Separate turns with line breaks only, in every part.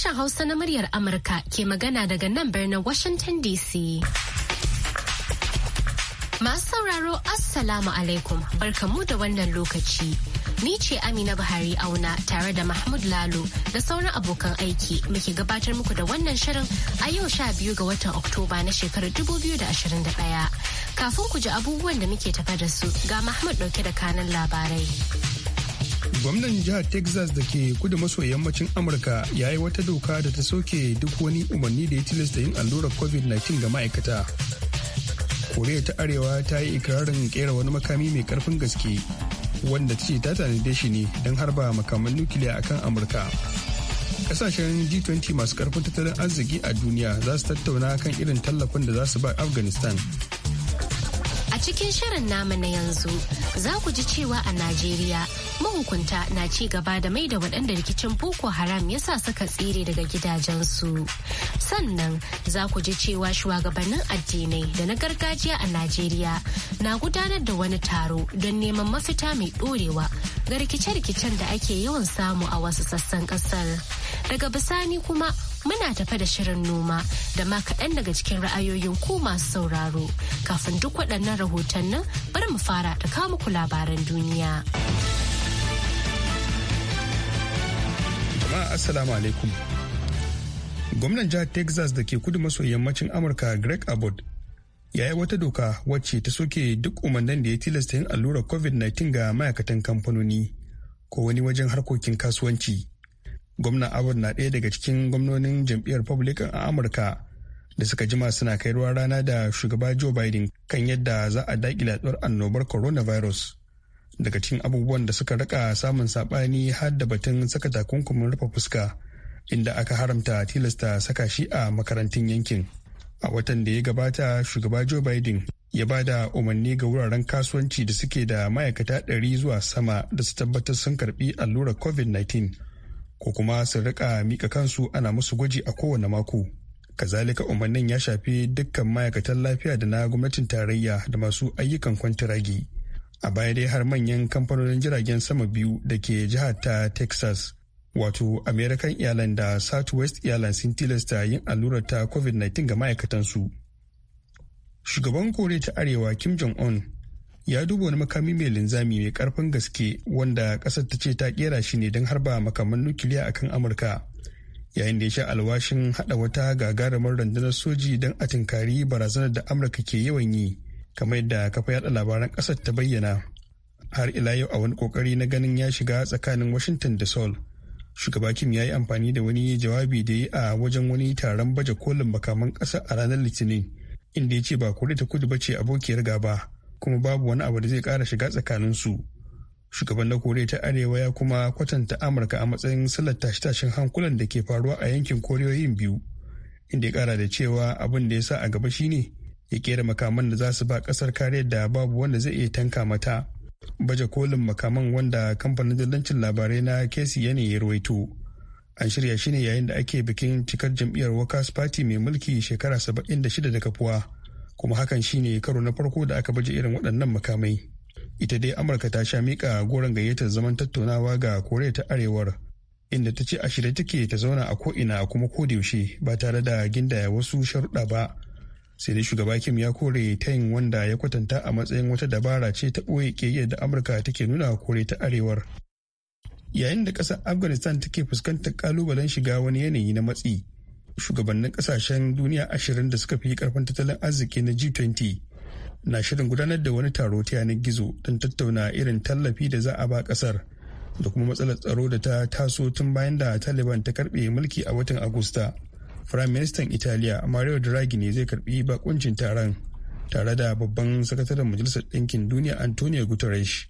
Sashen Hausa na muryar Amurka ke magana daga nan birnin Washington DC. Masu sauraro Assalamu alaikum barkamu da wannan lokaci. Ni ce Amina Buhari auna tare da Mahmud Lalo da sauran abokan aiki muke gabatar muku da wannan shirin a yau sha biyu ga watan Oktoba na shekarar 2021. Kafin ku ji abubuwan da muke tafa da su ga Mahmud ɗauke da kanan labarai.
gwamnan jihar texas da ke kudu maso yammacin amurka ya yi wata doka da ta soke duk wani umarni da ya tilasta yin allurar covid-19 ga ma'aikata koriya ta arewa ta yi ikirarin kera wani makami mai karfin gaske wanda ta ce ta tanade shi ne don harba makaman nukiliya akan amurka kasashen g20 masu karfin tattalin arziki a duniya za su tattauna kan irin tallafin da za su ba afghanistan
cikin shirin nama na yanzu za ku ji cewa a Najeriya mahukunta na ci gaba da mai da waɗanda rikicin Boko Haram ya sa suka tsere daga gidajensu. Sannan za ku ji cewa shugabannin addinai da na gargajiya a Najeriya na gudanar da wani taro don neman mafita mai ɗorewa ga rikice-rikicen da ake yawan samu a wasu sassan ƙasar. Daga bisani kuma muna tafe da shirin noma da ma kaɗan daga cikin ra'ayoyin ku masu sauraro. Kafin duk waɗannan rahoton nan bari mu fara da kawo muku labaran duniya.
Jama'a Assalamu alaikum. Gwamnan jihar Texas da ke kudu maso yammacin Amurka Greg Abbott ya yi wata doka wacce ta soke duk umarnin da ya tilasta yin allurar covid-19 ga ma'aikatan kamfanoni ko wani wajen harkokin kasuwanci gwamnan abbott na ɗaya daga cikin gwamnonin jam'iyyar republican a amurka da suka jima suna kai ruwa rana da shugaba joe biden kan yadda za a daƙi yaduwar annobar coronavirus daga cikin abubuwan da suka rika samun saɓani har da batun saka takunkumin rufe fuska inda aka haramta tilasta saka shi a makarantun yankin a watan da ya gabata shugaba joe biden ya ba da umarni ga wuraren kasuwanci da suke da ma'aikata 100 zuwa sama da su tabbatar sun karbi allurar covid-19 ko kuma su rika mika kansu ana musu gwaji a kowane mako kazalika umarnin ya shafi dukkan ma'aikatan lafiya da na gwamnatin tarayya da masu ayyukan kwantiragi a baya dai har manyan kamfanonin jiragen sama biyu da ke jihar ta texas wato american airlines da southwest airlines sun tilasta yin allurar ta covid-19 ga ma'aikatansu shugaban kore ta arewa kim jong-un ya duba wani makami mai linzami mai karfin gaske wanda kasar ta ce ta kera shi ne don harba makaman nukiliya akan amurka yayin da ya sha alwashin hada wata gagarumar rundunar soji don a tinkari barazanar da amurka ke yawan yi kamar yadda kafa yada labaran kasar ta bayyana har ila yau a wani kokari na ganin ya shiga tsakanin washington da seoul shugaba kim ya yi amfani da wani jawabi da ya a wajen wani taron baje kolin makaman kasa a ranar litinin inda ya ce ba kuri ta kudu ba ce abokiyar gaba kuma babu wani abu da zai ƙara shiga tsakaninsu shugaban na koriya ta arewa ya kuma kwatanta amurka a matsayin sallar tashe-tashen hankulan da ke faruwa a yankin koriyoyin biyu inda ya kara da cewa abin da ya sa a gaba shine ya kera makaman da za su ba kasar kariyar da babu wanda zai iya tanka mata baje kolin makaman wanda kamfanin dillancin labarai na kesi yanayi ya rawaito an shirya shi ne yayin da ake bikin cikar jam'iyyar workers party mai mulki shekara 76 da kafuwa kuma hakan shi ne karo na farko da aka baje irin waɗannan makamai ita dai amurka ta sha mika goron gayyatar zaman tattaunawa ga koriya ta arewar inda ta ce a shirye take ta zauna a ko'ina kuma ko da yaushe ba tare da gindaya wasu sharuɗa ba sai dai shugaba kim ya kore tayin wanda ya kwatanta a matsayin wata dabara ce ta ɓoye ƙiyayyar da amurka take nuna kore ta arewar yayin da ƙasar afghanistan take fuskantar ƙalubalen shiga wani yanayi na matsi shugabannin kasashen duniya ashirin da suka fi karfin tattalin arziki na G20 na shirin gudanar da wani taro ta yanar gizo don tattauna irin tallafi da za a ba kasar da kuma matsalar tsaro da ta taso tun bayan da Taliban ta karbe mulki a watan Agusta. Prime Minister Italiya Mario Draghi ne zai karbi bakuncin taron tare da babban sakataren Majalisar Ɗinkin Duniya Antonio Guterres.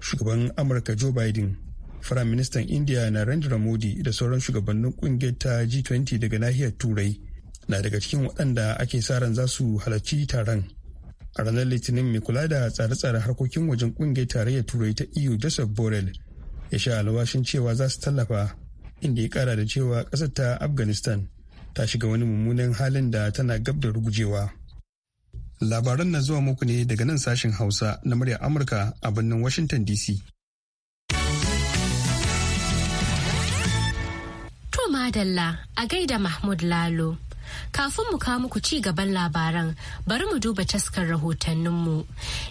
Shugaban Amurka Joe Biden Firaministan India Narendra Modi da sauran shugabannin kungiyar ta G20 daga nahiyar Turai na daga cikin waɗanda ake sa ran za su halarci taron. A ranar Litinin mai kula da tsare-tsare harkokin wajen kungiyar tarayyar Turai ta EU Joseph Borrell ya sha alwashin cewa za su tallafa inda ya kara da cewa ƙasar ta Afghanistan ta shiga wani mummunan halin da tana gab da rugujewa. Labaran na zuwa muku ne daga nan sashen Hausa na murya Amurka a birnin Washington DC.
madalla a gaida Mahmud Lalo. Kafin mu kawo muku ci gaban labaran bari mu duba taskar rahotanninmu.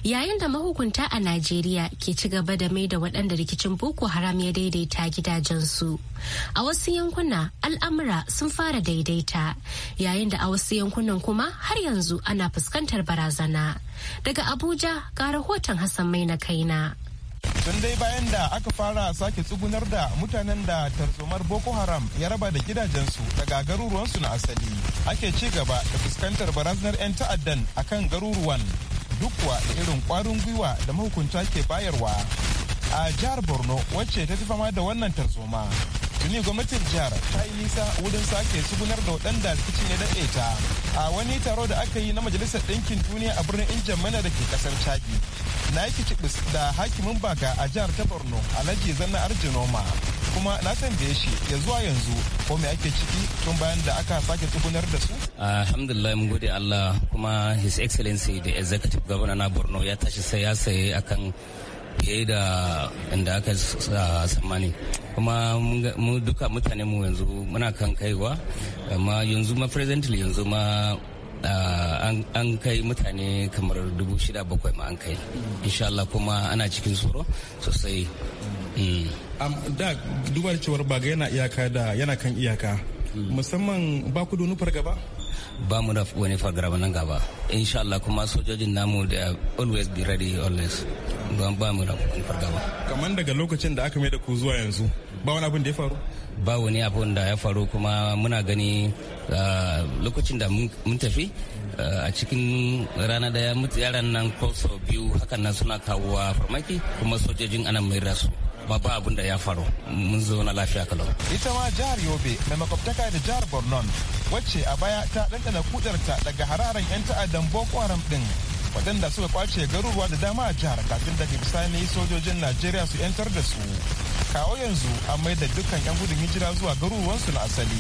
Yayin da mahukunta a Najeriya ke ci gaba da mai da waɗanda rikicin Boko Haram ya daidaita gidajensu. A wasu yankuna al'amura sun fara daidaita yayin da a wasu yankunan kuma har yanzu ana fuskantar barazana. Daga Abuja ga rahoton Hassan Mai na kaina.
tun dai bayan da aka fara sake tsugunar da mutanen da tarzomar boko haram ya raba da gidajensu daga garuruwansu na asali ake ci gaba da fuskantar barazanar 'yan ta'addan a kan garuruwan duk kuwa da irin kwarin gwiwa da mahukunta ke bayarwa a jihar borno wacce ta fama da wannan tarzoma tuni gwamnatin jihar ta yi nisa wurin sake tsugunar da waɗanda rikicin ya daɗe ta a wani taro da aka yi na majalisar ɗinkin duniya a birnin mana da ke ƙasar chadi na yi cibis da hakimin baka a jihar ta borno alhaji zanna arjinoma kuma na tambaye shi ya zuwa yanzu ko me ake ciki tun bayan da aka sake tukunar da su
alhamdulillah mun gode allah kuma his excellency the executive governor na borno ya tashi sai ya saye akan fiye da inda aka tsammani kuma mu duka mutane mu yanzu muna kan kaiwa amma yanzu ma presently yanzu ma Ah, an kai mutane kamar dubu shida bakwai ma an kai insha Allah kuma
ana cikin tsoro sosai mm. da duba da cewar baga yana iyaka da yana kan iyaka mm. musamman ba ku da wani fargaba
ba mu da
wani fargaba nan gaba insha Allah kuma sojojin namu da always be ready always ba mu da wani fargaba
kamar daga lokacin da aka mai da ku zuwa yanzu ba wani abin da ya faru
ba wani abin da ya faru kuma muna gani uh, lokacin da mun tafi uh, a cikin rana daya yaran nan ko sau biyu hakan nan suna kawo farmaki kuma sojojin ana mai rasu kuma ba abin da ya faru mun zo na lafiya kalau.
ita ma jihar yobe na makwabtaka da jihar borno wacce a baya ta ɗanɗana kudarta daga hararan 'yan ta'addan boko haram ɗin waɗanda suka kwace garuruwa da dama a jihar kafin daga bisani sojojin najeriya su 'yantar da su kawo yanzu a mai da dukkan 'yan gudun hijira zuwa garuruwansu na asali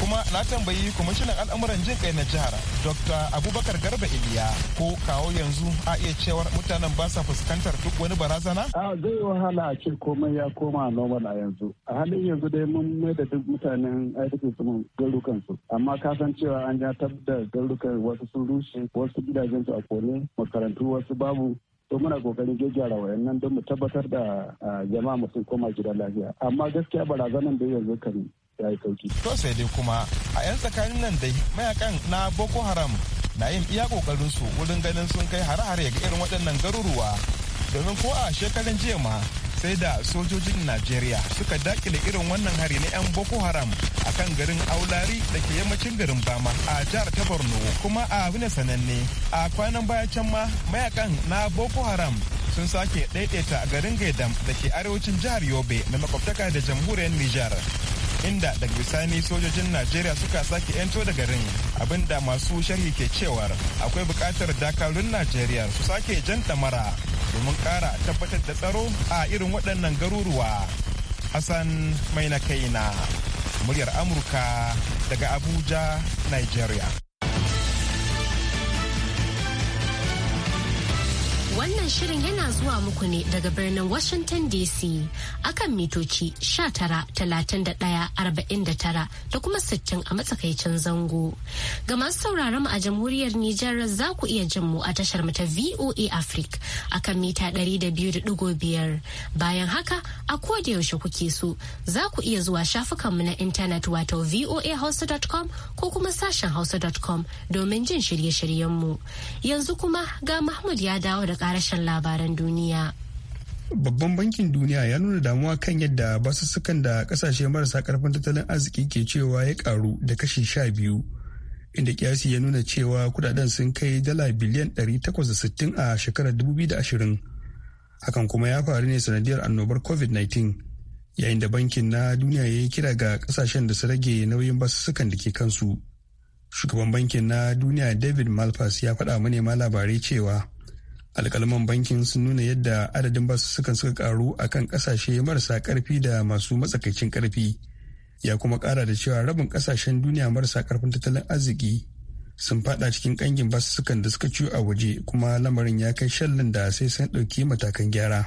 kuma na tambayi kwamishinan al'amuran jin kai na jihar dr abubakar garba iliya ko kawo yanzu a iya cewar mutanen ba sa fuskantar duk wani barazana
a zai yi wahala a ce komai ya koma normal a yanzu a halin yanzu dai mun mai da duk mutanen aikin su garukan su amma ka san cewa an ja tabbatar garukan wasu sun rushe wasu gidajen su a kone makarantu wasu babu to muna kokarin gyaggyara wayannan don mu tabbatar da ah, jama'a mu sun koma gidan lafiya amma gaskiya barazanan da
yanzu kan ya yi sauki. to sai dai kuma a yan tsakanin nan da mayakan na boko haram na yin iya kokarin su wurin ganin sun kai hare-hare ga irin waɗannan garuruwa domin ko a shekarun jiya ma sai da sojojin najeriya suka dakile irin wannan hari na 'yan boko haram a kan garin aulari da ke yammacin garin bama a jihar ta borno kuma a wani sananne a kwanan baya can ma mayakan na boko haram sun sake ɗaiɗaita garin gaidam da ke arewacin jihar yobe na makwabtaka da jamhuriyar nijar inda daga bisani sojojin najeriya suka sake 'yanto da garin abinda masu sharhi ke cewar akwai bukatar dakarun najeriya su sake jan damara domin kara tabbatar da tsaro a irin waɗannan garuruwa. Hassan mai na kai na muryar Amurka daga Abuja, Nigeria.
shirin yana zuwa muku ne daga birnin Washington DC akan mitoci talatin da kuma 60 a matsakaicin zango. Ga masu sauraron mu a jamhuriyar Nijar za ku iya jin mu a tashar mu ta VOA Africa akan mita 200.5. Bayan haka a koda yaushe kuke so za ku iya zuwa shafukanmu na intanet wato voahouse.com ko kuma sashen hausa.com domin jin shirye shiryenmu Yanzu kuma ga Mahmud ya dawo da karashin kanan labaran duniya.
Babban bankin duniya ya nuna damuwa kan yadda basussukan da kasashe marasa karfin tattalin arziki ke cewa ya karu da kashi sha biyu. Inda kiyasi ya nuna cewa kudaden sun kai dala biliyan 860 a shekarar 2020. Hakan kuma ya faru ne sanadiyar annobar COVID-19 yayin da bankin na duniya ya yi kira ga kasashen da su rage nauyin basussukan da ke kansu. Shugaban bankin na duniya David Malpass ya faɗa manema labarai cewa alkalman bankin sun nuna yadda adadin basussukan suka karu a kan kasashe marasa karfi da masu matsakaicin karfi ya kuma kara da cewa rabin kasashen duniya marasa karfin tattalin arziki sun fada cikin kangin sukan da suka ciwo a waje kuma lamarin ya kai shallin da sai sun ɗauki matakan gyara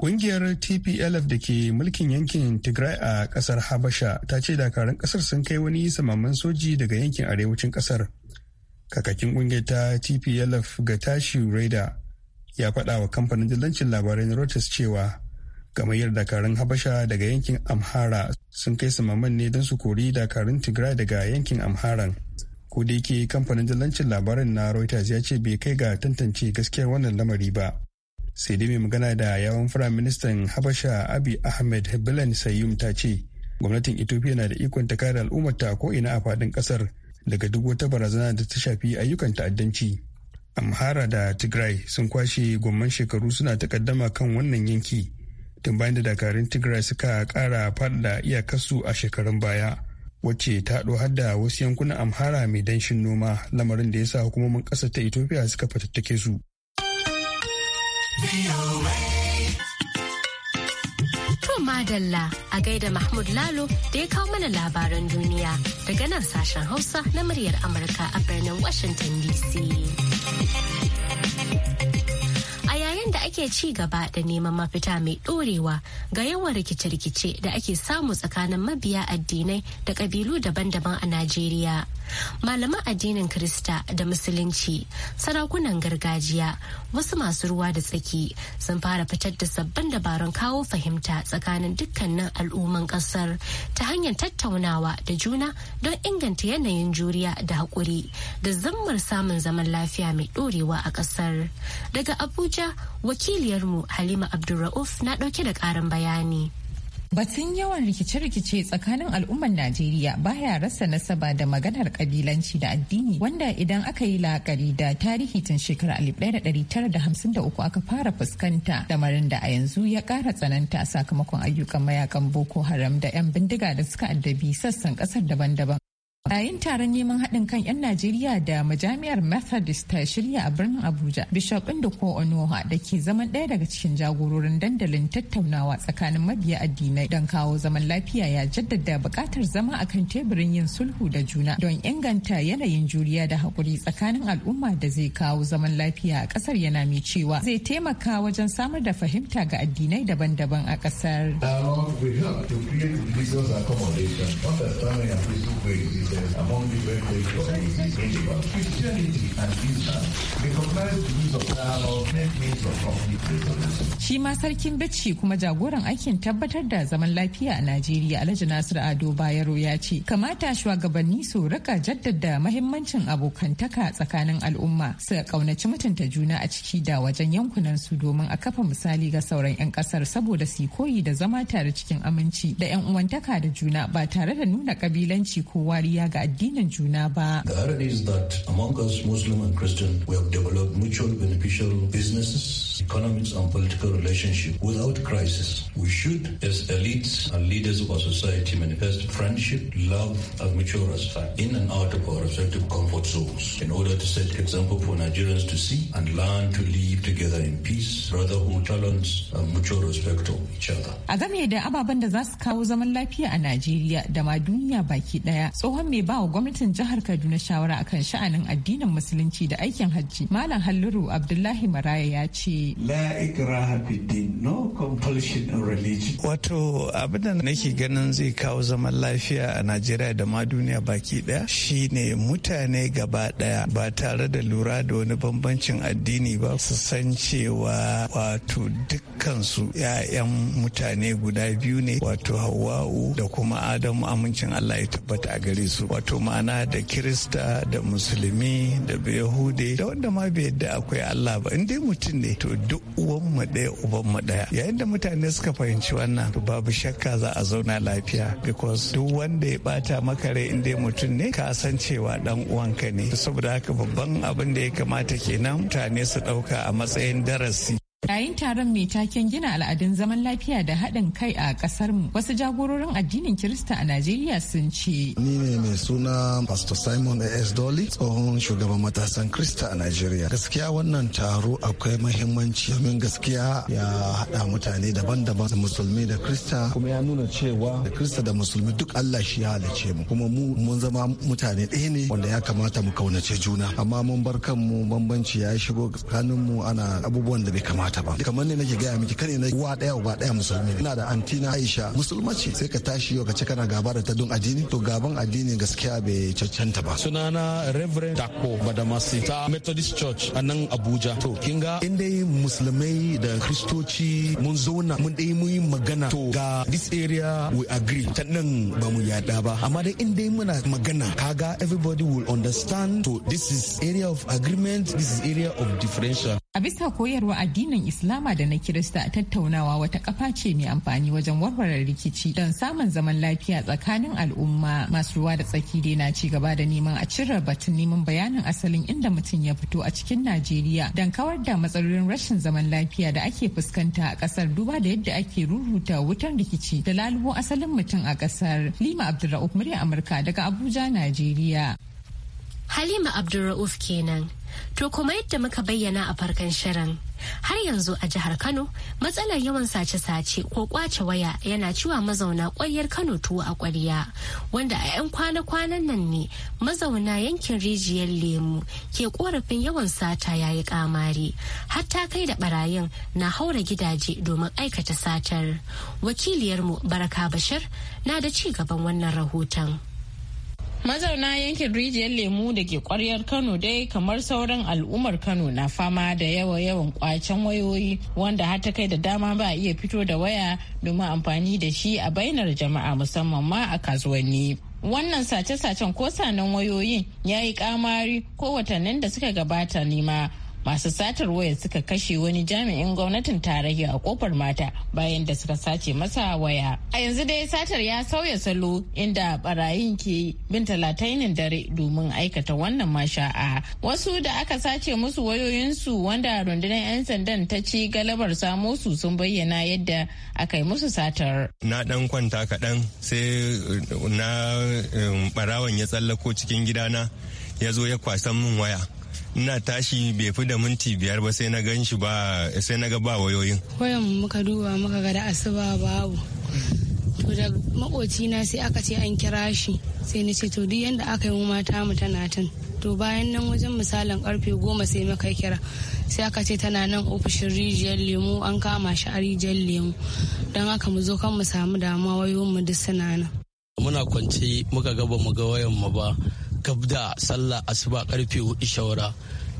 Ƙungiyar TPLF da ke mulkin yankin Tigray a kasar Habasha ta ce dakarun kasar sun kai wani samaman soji daga yankin arewacin kasar. kakakin kungiyar ta tplf ga tashi raida ya faɗa wa kamfanin dillancin labarai na reuters cewa gamayyar dakarun habasha daga yankin amhara sun kai samaman ne don su kori dakarun tigray daga yankin amharan ko da yake kamfanin dillancin labarin na reuters ya ce bai kai ga tantance gaskiyar wannan lamari ba sai dai mai magana da yawon firayim ministan habasha abi ahmed bilan sayyum ta ce gwamnatin ethiopia na da ikon ta kare al'ummar ta ko ina a faɗin ƙasar daga duk wata barazana da ta shafi ayyukan ta'addanci. Amhara da Tigray sun kwashe gwamman shekaru suna takaddama kan wannan yanki tun bayan da dakarun Tigray suka kara faɗa iyakarsu a shekarun baya. wacce ta haɗo har da wasu yankunan amhara mai danshin noma lamarin da ya sa hukumomin ƙasar ta ethiopia suka fatattake su.
madalla a gaida Mahmud Lalo da ya kawo mana labaran duniya daga nan sashen Hausa na muryar Amurka a birnin Washington DC. A yayin da ake ci gaba da neman mafita mai ɗorewa ga yawan rikice-rikice da ake samu tsakanin mabiya addinai da ƙabilu daban-daban a Najeriya. malaman addinin Krista da Musulunci, sarakunan gargajiya, wasu masu ruwa da tsaki sun fara fitar da sabbin dabarun kawo fahimta tsakanin dukkanin al'umman ƙasar ta hanyar tattaunawa da juna don inganta yanayin juriya da haƙuri da zammar samun zaman lafiya mai ɗorewa a ƙasar. Daga Abuja, wakiliyarmu Halima Abdulra'uf na ɗauke da ƙarin bayani. Batun yawan rikice-rikice
tsakanin al'ummar Najeriya baya rasa nasaba da maganar kabilanci da addini wanda idan aka yi la'akari da tarihi tun shekarar 1953 aka fara fuskanta lamarin da a yanzu ya kara tsananta sakamakon ayyukan mayakan Boko Haram da 'yan bindiga da suka addabi sassan kasar daban-daban. Yayin taron neman haɗin kan 'yan Najeriya da majami'ar Methodist ta shirya a birnin Abuja, Bishop Indoko Onoha da ke zaman ɗaya daga cikin jagororin dandalin tattaunawa tsakanin mabiya addinai don kawo zaman lafiya ya jaddada buƙatar zama a kan teburin yin sulhu da juna don inganta yanayin juriya da haƙuri tsakanin al'umma da zai kawo zaman lafiya a ƙasar yana mai cewa zai taimaka wajen samar da fahimta ga addinai daban-daban a ƙasar.
among different Christianity and Islam recognize the use of dialogue, make means of communication.
Shi ma sarkin Bacci kuma jagoran aikin tabbatar da zaman lafiya a Najeriya Alhaji Nasir Ado Bayero ya ce kamata shugabanni su riƙa jaddada mahimmancin abokantaka tsakanin al'umma su kaunaci mutunta juna a ciki da wajen yankunan su domin a kafa misali ga sauran 'yan kasar saboda su koyi da zama tare cikin aminci da 'yan uwantaka da juna ba tare da nuna kabilanci ko wariya kariya ga addinin juna ba. The irony is that among us Muslim and Christian we have developed mutual beneficial businesses, economics and political relationship without crisis. We should as elites and leaders of our society manifest friendship, love and mutual respect in and out of our respective comfort zones in order to set example for Nigerians to see and learn to live together in peace, brotherhood, tolerance and mutual respect of each other. A game da ababen da za su kawo zaman lafiya a Najeriya da ma duniya baki daya tsohon mai wa gwamnatin jihar Kaduna shawara akan sha'anin addinin musulunci da aikin hajji Malam Halluru Abdullahi Maraya ya ce
La ikraha no compulsion in religion Wato abin da nake ganin zai kawo zaman lafiya a Najeriya da ma duniya baki daya ne mutane gaba daya ba tare da lura da wani bambancin addini ba su san cewa wato dukkansu 'ya'yan mutane guda biyu ne wato hauwau da kuma Adamu amincin Allah ya tabbata a gare su su wato ma'ana da kirista da musulmi da yahudi da wanda ma bai yadda akwai allah ba in dai mutum ne to duk uwan mu ɗaya uban mu ɗaya yayin da mutane suka fahimci wannan to babu shakka za a zauna lafiya because duk wanda ya bata maka rai in dai mutum ne ka san cewa dan uwanka ne saboda haka babban abin da ya kamata kenan mutane su ɗauka a matsayin darasi
Yayin taron mai taken gina al'adun zaman lafiya da haɗin kai a ƙasar mu wasu jagororin addinin Kirista a Najeriya sun ce.
Ni ne mai suna Pastor Simon A.S. Dolly tsohon shugaban matasan Kirista a Najeriya. Gaskiya wannan taro akwai mahimmanci domin gaskiya ya haɗa mutane daban-daban da musulmi da Kirista kuma ya nuna cewa da Kirista da musulmi duk Allah shi ya halice mu kuma mu mun zama mutane ɗaya ne wanda ya kamata mu kaunace juna amma mun bar kanmu bambanci ya shigo mu ana abubuwan da bai kamata bata ba kamar ne nake gaya miki kare na uwa daya uba daya musulmi ina da antina Aisha musulma sai ka tashi yau ka ce kana gaba da ta don addini to gaban addini gaskiya bai cancanta ba
sunana Reverend Dako Badamasi ta Methodist Church a nan Abuja to kin ga in dai musulmai da
kristoci mun zauna mun dai mun magana to ga this area we agree ta
nan ba mu yada ba amma dai in dai muna magana kaga everybody will understand to this
is area of agreement this is area of differential
a bisa koyarwa addinin addinin Islama da na Kirista a tattaunawa wata kafa ce mai amfani wajen warware rikici don samun zaman lafiya tsakanin al'umma. Masu ruwa da tsaki dai na ci gaba da neman a cire batun neman bayanin asalin inda mutum ya fito a cikin Najeriya don kawar da matsalolin rashin zaman lafiya da ake fuskanta a kasar duba da yadda ake rurruta wutar rikici da lalubo asalin mutum a
kasar. Lima Abdulra'uf murya Amurka daga Abuja, Najeriya. Halima Abdulra'uf kenan. To kuma yadda muka bayyana a farkon shirin. Har yanzu a jihar Kano, matsalar yawan sace-sace ko kwace waya yana ciwa mazauna kwayar Kano tuwo a ƙwarya, wanda a 'yan kwana-kwanan nan ne mazauna yankin rijiyar lemu ke korafin yawan sata ya yi kamari, hatta kai da barayin na haura gidaje domin aikata satar. Wakiliyarmu Baraka Bashir na da ci gaban wannan rahoton.
Mazauna yankin rijiyar lemu da ke kwaryar Kano dai kamar sauran al'ummar Kano na fama da yawa yawan kwacen wayoyi wanda har ta kai da dama ba a iya fito da waya domin amfani da shi a bainar jama'a musamman ma a kasuwanni. Wannan sace-sacen ko sanan wayoyin ya yi kamari ko watannin da suka gabata nima masu satar waya suka kashe wani jami'in gwamnatin tarayya a kofar mata bayan da suka sace masa waya a yanzu dai satar ya sauya salo inda barayin ke bin talatainin dare domin aikata wannan masha'a wasu da aka sace musu wayoyinsu wanda rundunar 'yan sandan ta ci galabar samo su sun bayyana yadda aka yi musu satar
na dan kwanta kaɗan sai eh, na barawan eh, ya tsallako cikin gidana ya zo ya kwasan min waya ina tashi bai fi da minti biyar ba sai na gan shi ba sai na ga ba wayoyin
wayan muka duba muka ga da asuba babu to da makocina sai aka ce an kira shi sai na ce to duk yadda aka yi mata mu tana tun to bayan nan wajen misalin karfe goma sai muka kira sai aka ce tana nan ofishin rijiyar lemu an kama shi a rijiyar lemu don haka mu zo kan mu samu damuwa wayoyin mu duk suna nan
muna kwance muka ga mu ga wayan mu ba gab da sallah asuba karfe hudu shawara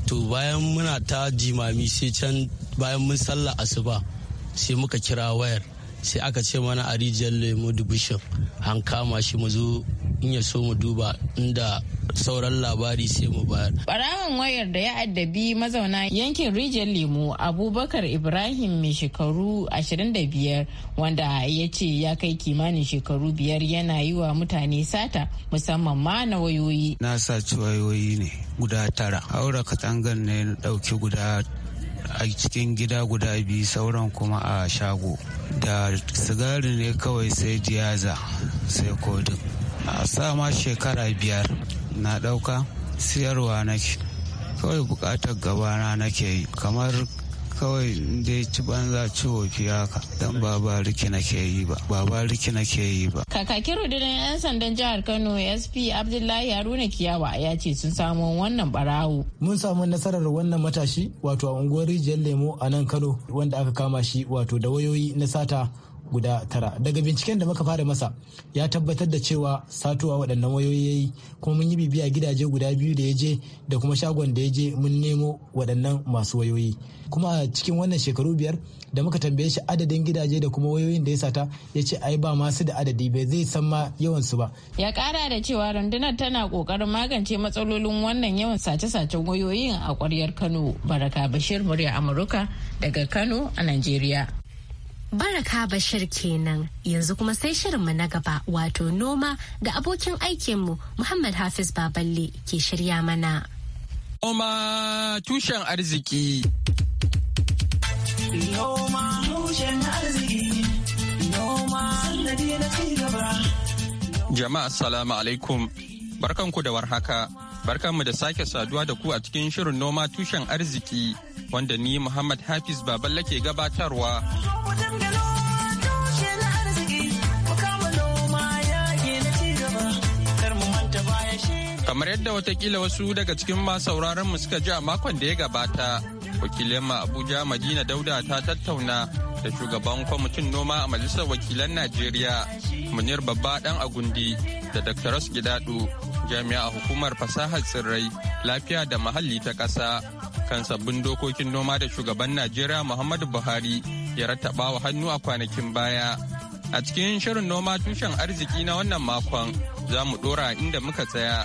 to bayan muna ta jimami sai can bayan mun sallah asuba sai muka kira wayar sai aka ce mana a rijiyar lemo dubishin an kama shi mu zo in ya so mu duba inda sauran labari sai mu bayar.
Barawan wayar da ya addabi mazauna yankin rijiyar lemo Abubakar Ibrahim mai shekaru 25 wanda ya ce ya kai kimanin shekaru biyar yana yi wa mutane sata musamman ma na wayoyi.
Na ci wayoyi ne guda tara. haura katangan ne dauki guda a cikin gida guda biyu sauran kuma a shago da sigari ne kawai sai diyaza sai kodin a sama shekara biyar na ɗauka siyarwa nake kawai buƙatar gabana nake yi kamar kawai da ya ci banza ciwo wofi haka don ba na nake yi ba ba ba na nake yi ba
kakakin rundunar yan sandan jihar Kano SP Abdullahi Haruna Kiyawa ya ce sun samu wannan barawo
mun samu nasarar wannan matashi wato a unguwar Rijiyar Lemo a nan Kano wanda aka kama shi wato da wayoyi na sata guda tara daga binciken da muka fara masa ya tabbatar da cewa satuwa waɗannan wayoyi ya yi kuma mun yi bibiya gidaje guda biyu da ya je da kuma shagon da ya je mun nemo waɗannan masu wayoyi kuma a cikin wannan shekaru biyar da muka tambaye shi adadin gidaje da kuma wayoyin da ya sata ya ce ai ba masu da adadi bai zai san ma yawan su ba
ya kara da cewa rundunar tana kokarin magance matsalolin wannan yawan sace-sacen wayoyin a kwaryar kano baraka bashir murya amurka daga kano a
najeriya Baraka Bashir kenan yanzu kuma sai shirinmu na gaba wato noma da abokin aikinmu Muhammad Hafiz Baballe ke shirya mana.
Noma tushen arziki. Jama'a salamu alaikum. Barkanku da warhaka. Barkanmu da sake saduwa da ku a cikin shirin noma tushen arziki. wanda ni Muhammad Hafiz Baballe ke gabatarwa. Kamar yadda watakila wasu daga cikin masauraran mu suka ji a makon da ya gabata, wakilin ma Abuja Madina Dauda ta tattauna da shugaban kwamitin noma a Majalisar Wakilan Najeriya, Munir Babba Dan Agundi da Dr. Gidadu, jami'a a hukumar fasahar tsirrai, lafiya da muhalli ta ƙasa. kan sabbin dokokin noma da shugaban Najeriya Muhammadu Buhari ya rattaba wa hannu a kwanakin baya. A cikin shirin noma tushen arziki na wannan makon za mu dora inda muka tsaya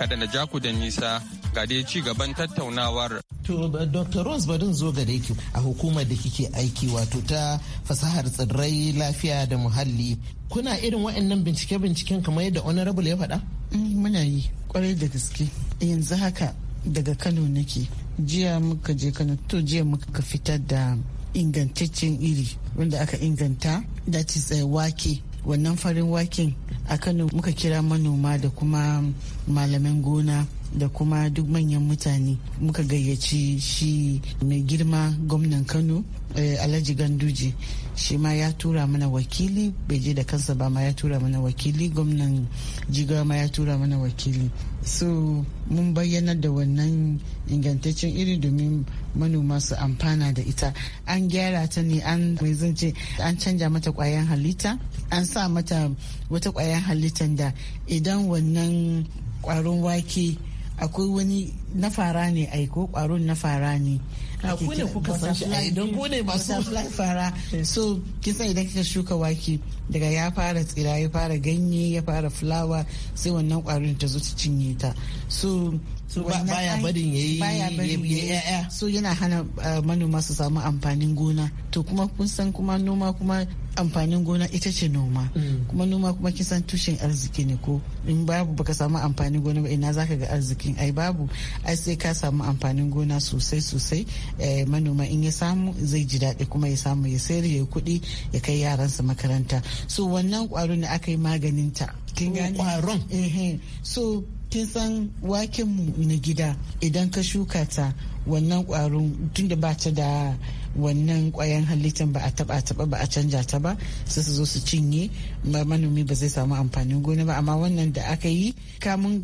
kada na ja ku da nisa ga dai ci gaban tattaunawar.
To Dr. Rose Badin zo gare ki a hukumar da kike aiki wato ta fasahar tsirrai lafiya da muhalli. Kuna irin waɗannan bincike-binciken kamar yadda honorable ya faɗa? Mm, muna yi kwarai da gaske. Yanzu haka daga Kano nake. jiya muka je kano to jiya muka fitar da ingantaccen iri wanda aka inganta da tsaye eh, wake wannan farin waken a kano muka kira manoma da kuma malaman gona da kuma duk manyan mutane muka gayyaci shi mai girma gwamnan kano eh, alhaji ganduje shi ma ya tura mana wakili bai je da kansa ba ma ya tura mana wakili gwamnan jigawa ma ya tura mana wakili so mun bayyana da wannan ingantaccen iri domin manoma su amfana da ita an gyara ta ne an mai zance an canja mata kwayan halitta an sa mata wata kwayan halitta da idan wannan kwaron wake akwai wani na fara ne aiko kwaron na fara ne Ah, ku ne kuka san shi ai eh, don ku ne masu fara so kisa idan kika shuka wake daga ya fara tsira ya fara ganye ya fara fulawa sai wannan kwarin ta zo ta cinye ta so so baya barin ya ya'ya so yana hana eh, manoma su samu amfanin gona to kuma kun san kuma noma kuma amfanin gona ita ce noma mm. kuma noma kuma kisan tushen arziki ne ko in babu baka samu amfanin gona ba ina zaka ga arzikin ai babu ai sai ka samu amfanin gona sosai sosai eh, manoma in ya samu zai ji daɗi kuma ya samu ya sayar ya kuɗi ya kai yaransa makaranta so wannan kwaro ne aka yi maganin ta kwaron oh, eh, so kin san waken mu na gida idan ka shuka ta wannan kwarin tunda ba ta da wannan kwayan halittar ba a taba taba ba a canja ta ba su su zo su cinye ba manomi ba zai samu amfanin gona ba amma wannan da aka yi kamun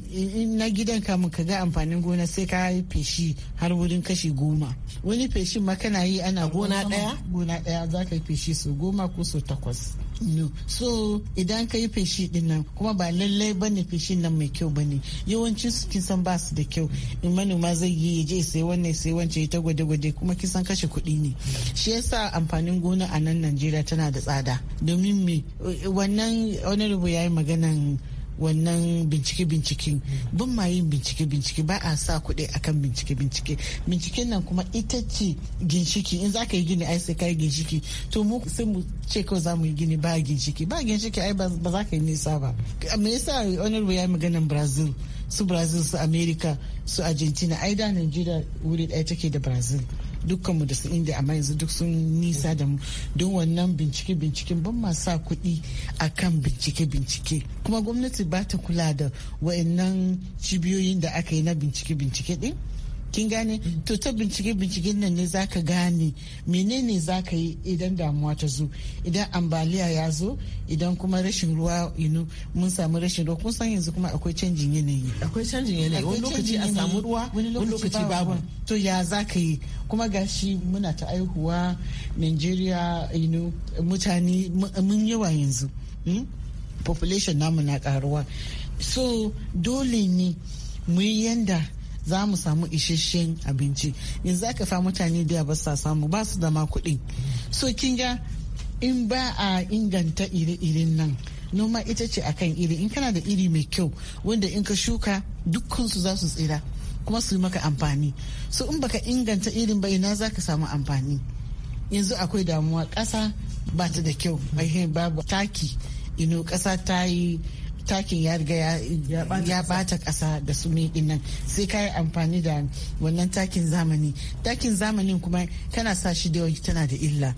na gidan kamun ka ga amfanin gona sai ka feshi har wurin kashi goma wani feshin ma kana yi ana gona daya gona daya za ka yi feshi su goma ko su takwas no so idan ka yi feshi din nan kuma ba lallai ba ne feshin nan mai kyau ba ne yawancin su kin san ba su da kyau in manoma zai yi ya je sai wannan sai wancan ya ta gwade-gwade kuma kin san kashe kuɗi ne shi yasa amfanin gona a nan najeriya tana da tsada domin me wannan honorable ya yi maganan wannan bincike-bincike bin ma yin bincike-bincike ba a sa kuɗi akan bincike-bincike binciken nan kuma ita ce ginshiki in za ka yi gini ai sai ka yi ginshiki to mu sai mu ce kawai za mu yi gini ba ginshiki ba ginshiki ai ba za ka yi nisa ba me yasa honorable ya yi maganan brazil su brazil su america su argentina ai da nigeria wuri ɗaya take da brazil dukkanmu da su inda amma yanzu duk sun nisa da mu don wannan bincike binciken ban ma sa a kan bincike bincike kuma gwamnati ba ta kula da wa'annan cibiyoyin da aka yi na bincike bincike din kin gane to ta bincike binciken nan ne zaka gane menene zaka yi idan damuwa ta zo idan ambaliya ya zo idan kuma rashin ruwa inu mun samu rashin ruwa kun san yanzu kuma akwai canjin yanayi akwai canjin yanayi wani lokaci a samu ruwa wani lokaci babu to ya zaka yi kuma gashi muna ta aihuwa Nigeria inu mutane mun yawa yanzu hmm? population namu na karuwa so dole ne mu yi yanda za mu samu isasshen abinci yanzu aka fa mutane da ba sa samu ba su da ma kuɗi. so kin ga in ba a inganta iri iren nan noma ita ce akan iri in kana da iri mai kyau wanda in ka shuka dukkansu za su tsira kuma su yi maka amfani so in baka inganta irin ba ina za ka samu amfani yanzu akwai damuwa ƙasa ba ta da kyau babu taki ino ƙasa ta yi takin ya riga ya bata kasa da su mai nan sai kayi amfani da wannan takin zamani takin zamanin kuma kana sa shi da yawa tana da illa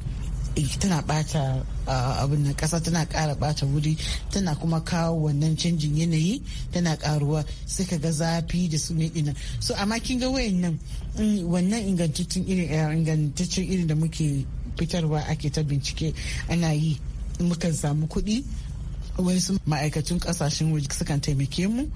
eh, tana bata ah, abin nan kasa tana kara bata wuri tana kuma kawo wannan canjin yanayi tana karuwa sai ka ga zafi da su ne dinnan so amma kin ga wayan nan wannan ingantaccen irin eh, ingantaccen irin da muke fitarwa ake ta bincike ana yi mukan samu kuɗi wasu ma'aikacin kasashen waje sukan taimake mu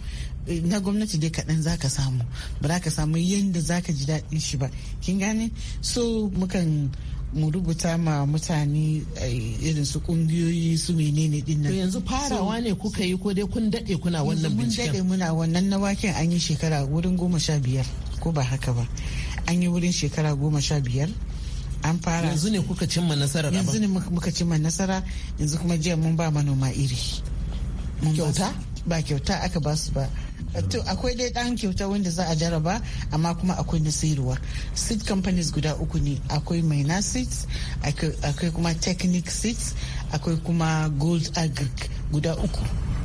na gwamnati dai kaɗan za ka samu ba za ka samu yadda za ka ji daɗin shi ba kin gane so mukan mu rubuta ma mutane eh, irin su kungiyoyi su menene din nan. yanzu farawa ne kuka yi ko dai kun daɗe kuna wannan binciken? Mun daɗe muna wannan na waken an yi shekara wurin goma sha biyar ko ba haka ba. An yi wurin shekara goma sha biyar. an fara yanzu ne kuka cimma nasara yanzu ne muka cimma nasara yanzu kuma jiya mun ba manoma iri kyauta ba kyauta aka ba su ba to akwai dai dan kyauta wanda za a jaraba amma kuma akwai na sayarwa seed companies guda uku ne akwai maina seeds akwai kuma technic seeds akwai kuma gold agric guda uku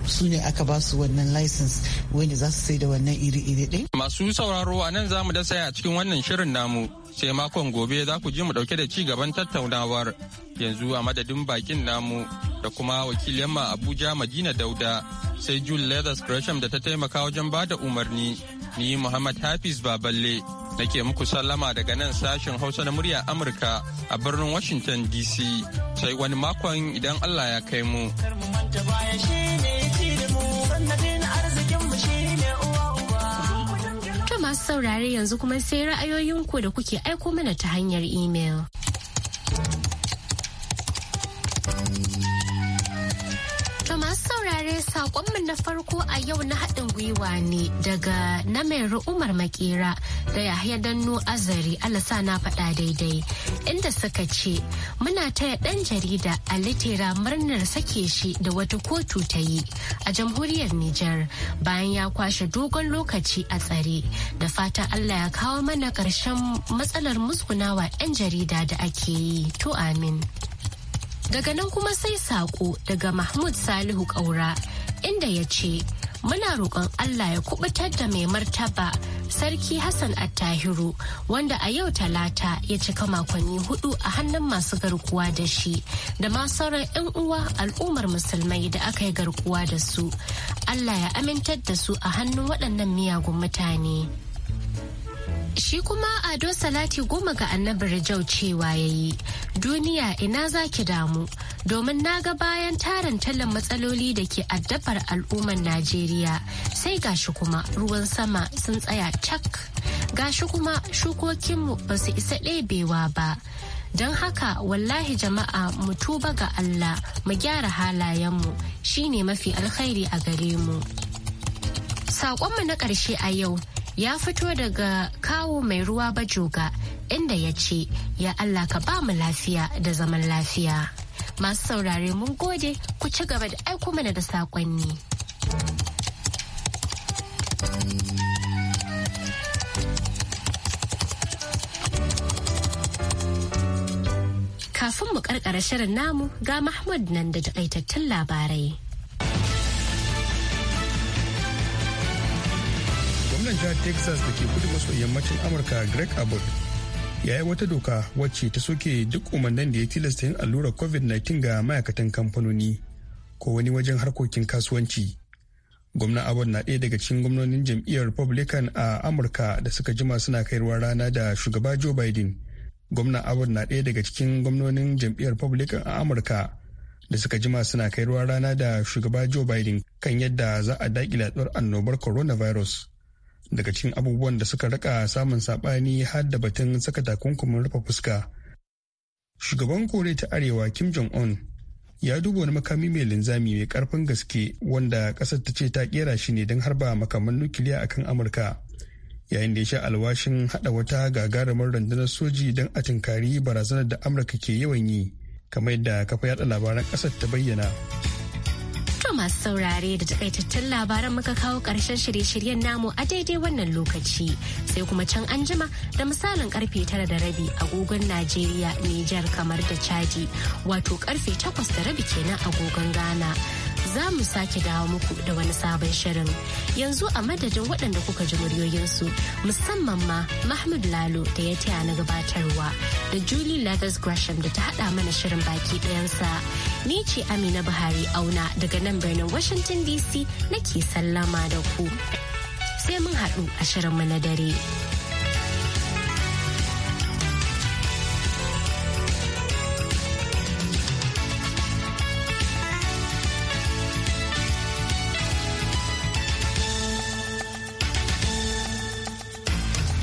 su ne aka ba su wannan license wanda za su sai da wannan iri-iri din
Masu sauraro a nan za mu da saya a cikin wannan shirin namu sai makon gobe za ku ji mu dauke da ci gaban tattaunawar yanzu a madadin bakin namu da kuma wakilin ma abuja madina dauda sai jule leathers gresham da ta taimaka wajen ba da umarni ni muhammad hafiz baballe nake muku sallama daga nan sashen hausa na murya amurka a birnin washington dc sai wani makon idan allah ya kai mu.
masu saurare yanzu kuma sai ra'ayoyinku da kuke aiko mana ta hanyar imel. Masu saurare saƙonmu na farko a yau na haɗin gwiwa ne daga na Umar Makera da Yahya Danno Azari alasa na faɗa daidai inda suka ce muna taya ɗan jarida a litera murnar sake shi da wata kotu ta yi a jamhuriyar Nijar bayan ya kwashe dogon lokaci a tsare da fatan Allah ya kawo mana ƙarshen matsalar musgunawa 'yan jarida da ake yi to amin. Daga nan kuma sai saƙo daga Mahmud Salihu Ƙaura inda ya ce, Muna roƙon Allah ya kubutar da mai martaba Sarki Hassan Attahiru wanda a yau talata ya cika makonni hudu a hannun masu garkuwa da shi da ma sauran 'yan uwa al'ummar musulmai da aka yi garkuwa da su. Allah ya amintar da su a hannun waɗannan miyagun mutane. Shi kuma Ado Salati goma ga annabi rajau cewa ya yi, duniya ina za ki damu, domin na ga bayan taron tallan matsaloli da ke addabar al'ummar Najeriya sai gashi kuma ruwan sama sun tsaya cak, gashi kuma shukokinmu ba su isa ɗebewa ba. Don haka wallahi jama'a mu tuba ga Allah mu gyara halayenmu shine mafi alkhairi a gare mu. Saƙonmu na ƙarshe a yau ya fito daga kawo mai ruwa bajoga inda ya ce ya Allah ka ba mu lafiya da zaman lafiya. Masu saurare mun gode ku ci gaba da aiko mana da saƙonni. Kafin mu karkara shirin namu ga Mahmud nan da takaitattun labarai.
gwamnan jihar texas da ke kudu maso yammacin amurka greg abbott ya yi wata doka wacce ta soke duk umarnin da ya tilasta yin allurar covid-19 ga ma'aikatan kamfanoni ko wani wajen harkokin kasuwanci gwamnan abbott na ɗaya daga cikin gwamnonin jam'iyyar republican a amurka da suka jima suna kairuwa rana da shugaba joe biden gwamnan abbott na ɗaya daga cikin gwamnonin jam'iyyar republican a amurka da suka jima suna kai ruwa rana da shugaba joe biden kan yadda za a daƙile annobar coronavirus daga cikin abubuwan da suka rika samun saɓani har da batun saka takunkumin rufe fuska shugaban kore ta arewa kim jong-un ya duba wani makami mai linzami mai karfin gaske wanda kasar ta ce ta kera shi ne don harba makaman nukiliya akan amurka yayin da ya sha alwashin hada wata gagarumin rundunar soji don a tinkari barazanar da amurka ke yawan yi kamar yadda kafa yada labaran ƙasar ta bayyana.
To masu saurare da takaitattun labaran muka kawo karshen shirye-shiryen namu a daidai wannan lokaci sai kuma can anjima da misalin karfe tara da rabi agogon Najeriya, Nijar kamar da Chadi wato karfe takwas da rabi kenan agogon Ghana. za mu sake dawo muku da wani sabon shirin yanzu a madadin waɗanda kuka ji muryoyinsu musamman ma mahmud lalo da ya taya na gabatarwa da julie Lagos gresham da ta haɗa mana shirin baki ɗayansa ni ce amina buhari auna daga nan birnin washington dc nake sallama da ku sai mun haɗu a shirin mu na dare.